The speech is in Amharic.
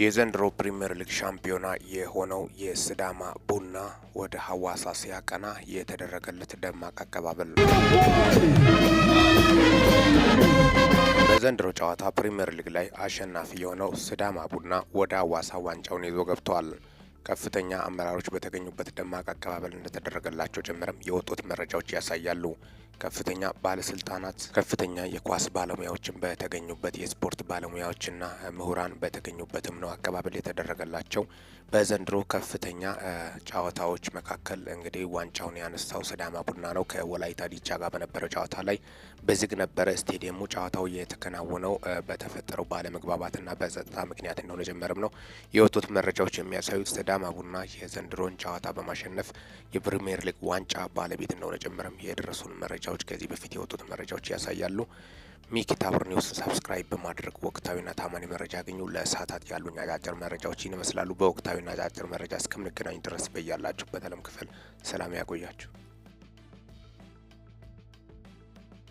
የዘንድሮ ፕሪምየር ሊግ ሻምፒዮና የሆነው የስዳማ ቡና ወደ ሀዋሳ ሲያቀና የተደረገለት ደማቅ አቀባበል ነው። በዘንድሮ ጨዋታ ፕሪምየር ሊግ ላይ አሸናፊ የሆነው ስዳማ ቡና ወደ ሀዋሳ ዋንጫውን ይዞ ገብተዋል። ከፍተኛ አመራሮች በተገኙበት ደማቅ አቀባበል እንደተደረገላቸው ጭምርም የወጡት መረጃዎች ያሳያሉ። ከፍተኛ ባለስልጣናት፣ ከፍተኛ የኳስ ባለሙያዎችን በተገኙበት የስፖርት ባለሙያዎችና ምሁራን በተገኙበትም ነው አቀባበል የተደረገላቸው። በዘንድሮ ከፍተኛ ጨዋታዎች መካከል እንግዲህ ዋንጫውን ያነሳው ስዳማ ቡና ነው። ከወላይታ ዲቻ ጋር በነበረው ጨዋታ ላይ በዝግ ነበረ ስቴዲየሙ። ጨዋታው የተከናወነው በተፈጠረው ባለመግባባትና በጸጥታ ምክንያት እንደሆነ ጀመርም ነው የወጡት መረጃዎች የሚያሳዩት። ስዳማ ቡና የዘንድሮን ጨዋታ በማሸነፍ የፕሪምየር ሊግ ዋንጫ ባለቤት እንደሆነ ጀመርም የደረሱን መረጃ መረጃዎች ከዚህ በፊት የወጡት መረጃዎች ያሳያሉ። ሚኪ ታቡር ኒውስ ሰብስክራይብ በማድረግ ወቅታዊና ታማኒ መረጃ ያገኙ። ለእሳታት ያሉኝ አጫጭር መረጃዎች ይመስላሉ። በወቅታዊና አጫጭር መረጃ እስከምንገናኝ ድረስ በያላችሁ በተለም ክፍል ሰላም ያቆያችሁ።